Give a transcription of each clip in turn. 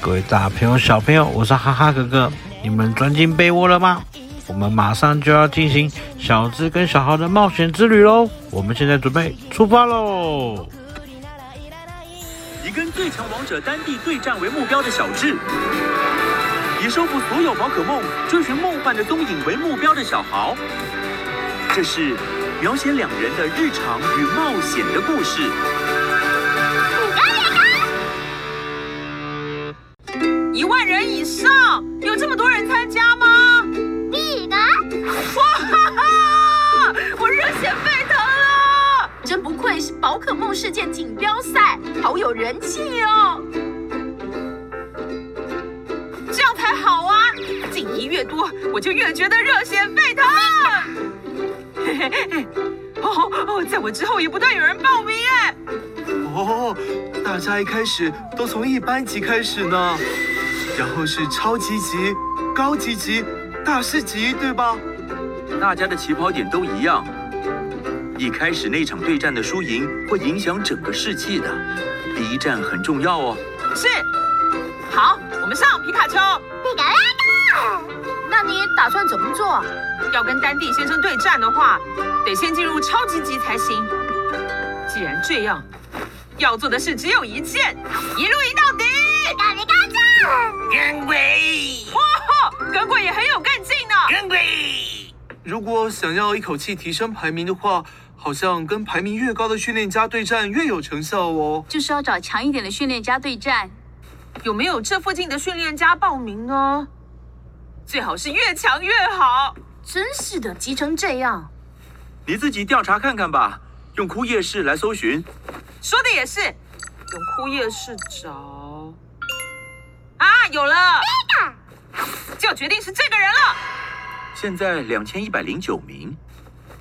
各位大朋友、小朋友，我是哈哈哥哥。你們鑽進被窩了嗎？我們馬上就要進行小智跟小豪的冒險之旅嘍！我們現在準備出發嘍！以跟最強王者丹帝對戰為目標的小智，以收服所有寶可夢、追尋夢幻的蹤影為目標的小豪，這是描寫兩人的日常與冒險的故事。世界錦標賽好有人氣哦，這樣才好啊！勁敵越多，我就越覺得熱血沸騰。嘿嘿嘿，哦哦，在我之後也不斷有人報名哎。哦，大家一開始都從一般級開始呢，然後是超級級、高級級、大師級，對吧？大家的起跑點都一樣。一開始那場對戰的輸贏會影響整個士氣的，第一戰很重要哦。是，好，我們上皮卡丘。那你打算怎麼做？要跟丹帝先生對戰的話，得先進入超級級才行。既然這樣，要做的事只有一件，一路贏到底。乾杯！乾杯！乾杯！哇哈，干鬼也很有幹勁呢。乾杯！如果想要一口氣提升排名的話，好像跟排名越高的訓練家對戰越有成效哦。就是要找強一點的訓練家對戰。有沒有這附近的訓練家報名呢？最好是越強越好。真是的，急成這樣。你自己調查看看吧，用枯葉市來搜尋。說的也是，用枯葉市找。啊，有了！打就決定是這個人了。現在兩千一百零九名，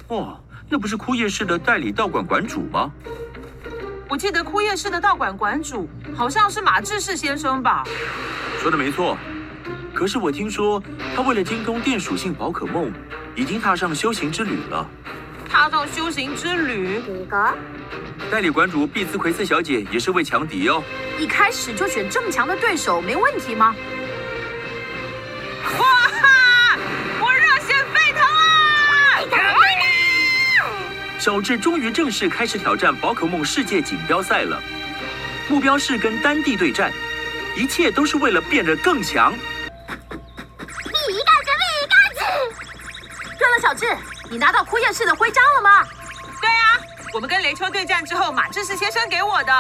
哇、哦，那不是枯葉市的代理道館館主嗎？我記得枯葉市的道館館主好像是馬志士先生吧？說的沒錯，可是我聽說他為了精通電屬性寶可夢，已經踏上修行之旅了。踏上修行之旅？五個代理館主畢斯奎斯小姐也是位強敵哦。一開始就選這麼強的對手，沒問題嗎？小智終於正式開始挑戰寶可夢世界錦標賽了，目標是跟丹帝對戰，一切都是為了變得更強。米高子，一高子，熱了，小智，你拿到枯葉市的徽章了嗎？對啊，我們跟雷丘對戰之後，馬志士先生給我的，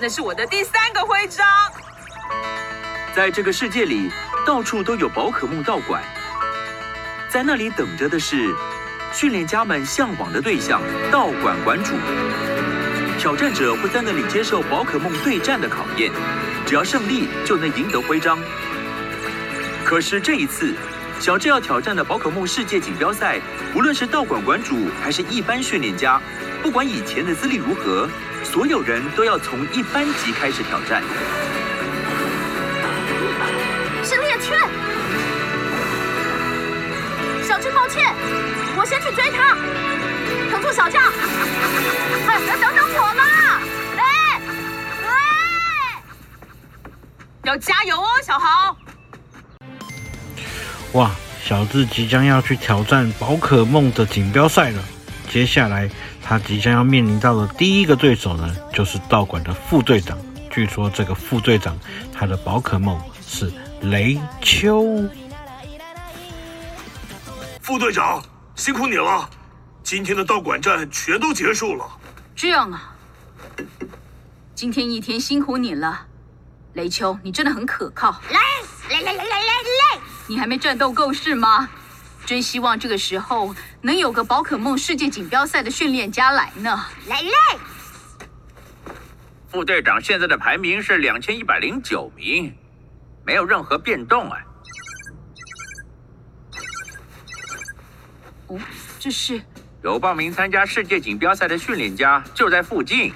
那是我的第三個徽章。在這個世界裡，到處都有寶可夢道館，在那裡等着的是。訓練家們向往的對象，道館館主，挑戰者會在那裡接受寶可夢對戰的考驗，只要勝利就能贏得徽章。可是這一次，小智要挑戰的寶可夢世界錦標賽，無論是道館館主還是一般訓練家，不管以前的資歷如何，所有人都要從一般級開始挑戰。抱歉，我先去追他。藤樹小將，哎，要等等我嘛！哎，哎，要加油哦，小豪！哇，小智即將要去挑戰寶可夢的錦標賽了。接下來，他即將要面臨到的第一個對手呢，就是道館的副隊長。據說這個副隊長，他的寶可夢是雷丘。副隊長，辛苦你了，今天的道館戰全都結束了。這樣啊，今天一天辛苦你了，雷丘，你真的很可靠。來來來來來，來，來來來你還沒戰鬥夠是嗎？真希望這個時候能有個寶可夢世界錦標賽的訓練家來呢。來來，來副隊長現在的排名是兩千一百零九名，沒有任何變動哎、啊。哦，這是有報名參加世界錦標賽的訓練家就在附近。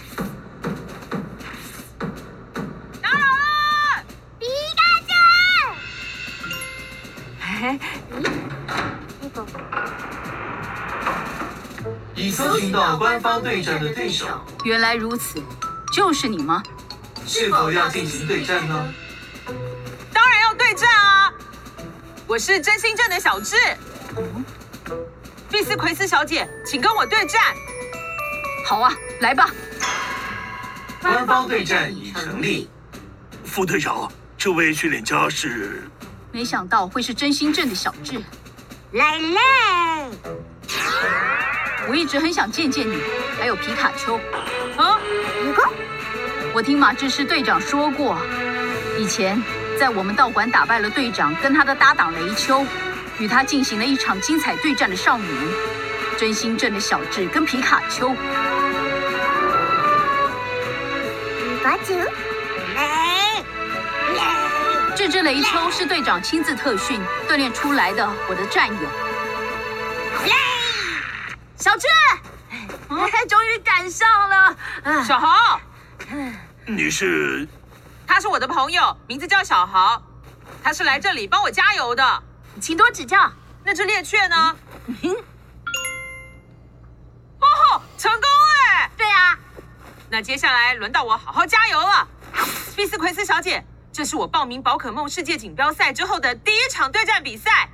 啊！皮卡丘！嘿、哎，你你走來。已搜尋到官方對戰的對手。原來如此，就是你嗎是否要進行對戰呢？當然要對戰啊！我是真心鎮的小智。碧斯奎斯小姐，請跟我對戰。好啊，來吧。官方對戰已成立。副隊長，這位訓練家是？沒想到會是真新鎮的小智。來嘞。我一直很想見見你，還有皮卡丘。啊？你看？我聽馬智士隊長說過，以前在我們道館打敗了隊長跟他的搭檔雷丘。與他進行了一場精彩對戰的少年，真新鎮的小智跟皮卡丘。這隻九雷丘是隊長親自特訓鍛鍊出來的，我的戰友。耶雷！小智，終於趕上了。小豪紅，你是？他是我的朋友，名字叫小豪，他是來這裡幫我加油的。請多指教。那隻獵雀呢？嗯嗯、哦，成功了，對啊，那接下來輪到我好好加油了。碧斯奎斯小姐，這是我報名寶可夢世界錦標賽之後的第一場對戰比賽。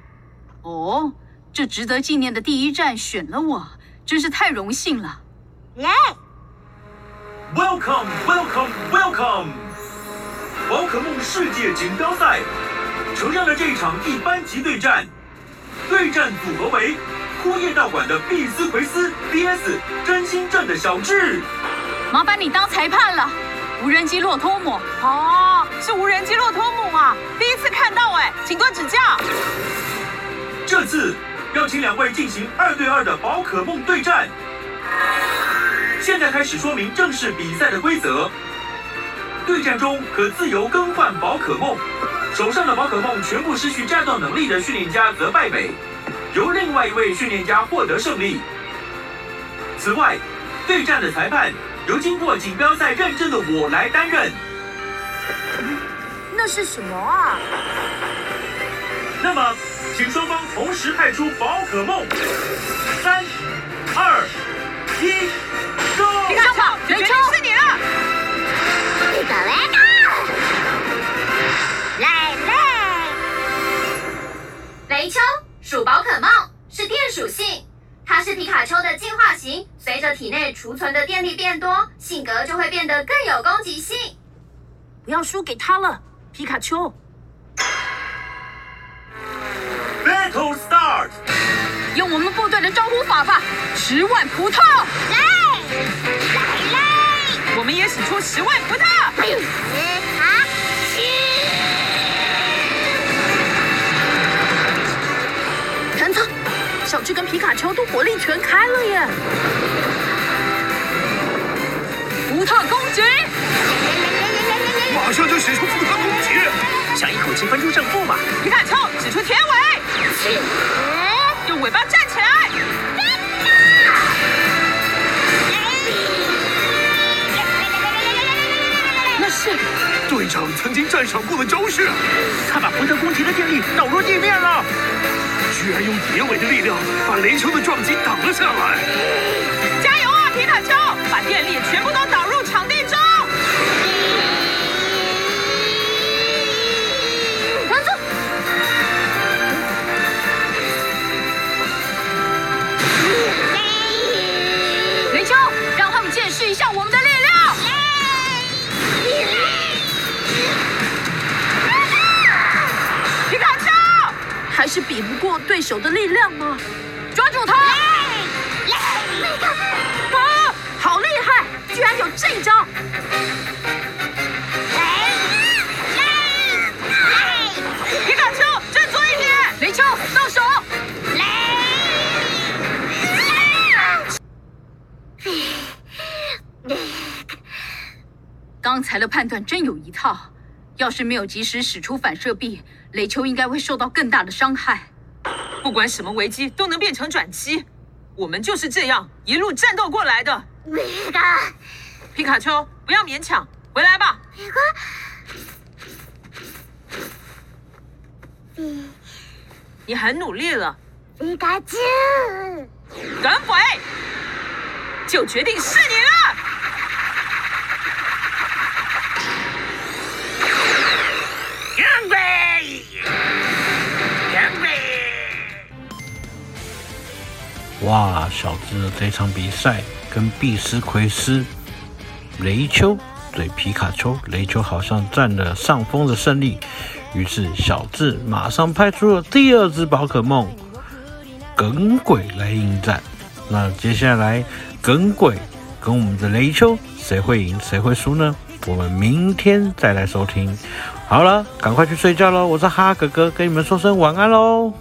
哦，這值得紀念的第一戰選了我，真是太榮幸了。來，Welcome，Welcome，Welcome，welcome, welcome. 寶可夢世界錦標賽。承認了這一場一般級對戰，對戰組合為枯葉道館的碧斯奎斯 VS，真新鎮的小智。麻煩你當裁判了，無人機洛托姆。哦，是無人機洛托姆啊，第一次看到哎，請多指教。這次邀請兩位進行二對二的寶可夢對戰。現在開始說明正式比賽的規則。對戰中可自由更換寶可夢。手上的寶可夢全部失去戰鬥能力的訓練家則敗北，由另外一位訓練家獲得勝利。此外，對戰的裁判由經過錦標賽認證的我來擔任。那是什麼啊？那麼，請雙方同時派出寶可夢。三、二、一，Go！上吧，雷丘！隊了雷丘鼠寶可夢是電屬性，它是皮卡丘的進化型。隨着體內儲存的電力變多，性格就會變得更有攻擊性。不要輸給他了，皮卡丘！Battle Start，用我們部隊的招呼法吧，十萬葡萄，來來，來來我們也使出十萬葡萄。哎全開了耶！伏特攻擊，馬上就使出伏特攻擊，想一口氣分出勝負嗎？皮卡丘使出鐵尾，嗯、用尾巴站起來。啊、那是隊長曾經擅長過的招式，他把伏特攻擊的電力導入地面了。居然用鐵尾的力量，把雷丘的撞擊擋了下來。是比不過對手的力量嗎？抓住他！啊，好厲害，居然有這一招！雷雷雷皮卡丘，振作一點！雷丘，動手！剛才的判斷真有一套，要是沒有及時使出反射壁。雷丘應該會受到更大的傷害。不管什麼危機都能變成轉機，我們就是這樣一路戰鬥過來的。皮卡丘，不要勉強，回來吧。瓜你很努力了。等會。就決定是你了。哇，小智這場比賽跟碧斯奎斯、雷丘對皮卡丘，雷丘好像占了上風的勝利。於是小智馬上派出了第二只寶可夢耿鬼來應戰。那接下來耿鬼跟我們的雷丘誰會贏誰會輸呢？我們明天再來收聽。好了，趕快去睡覺嘍！我是哈哥哥，跟你們說聲晚安嘍。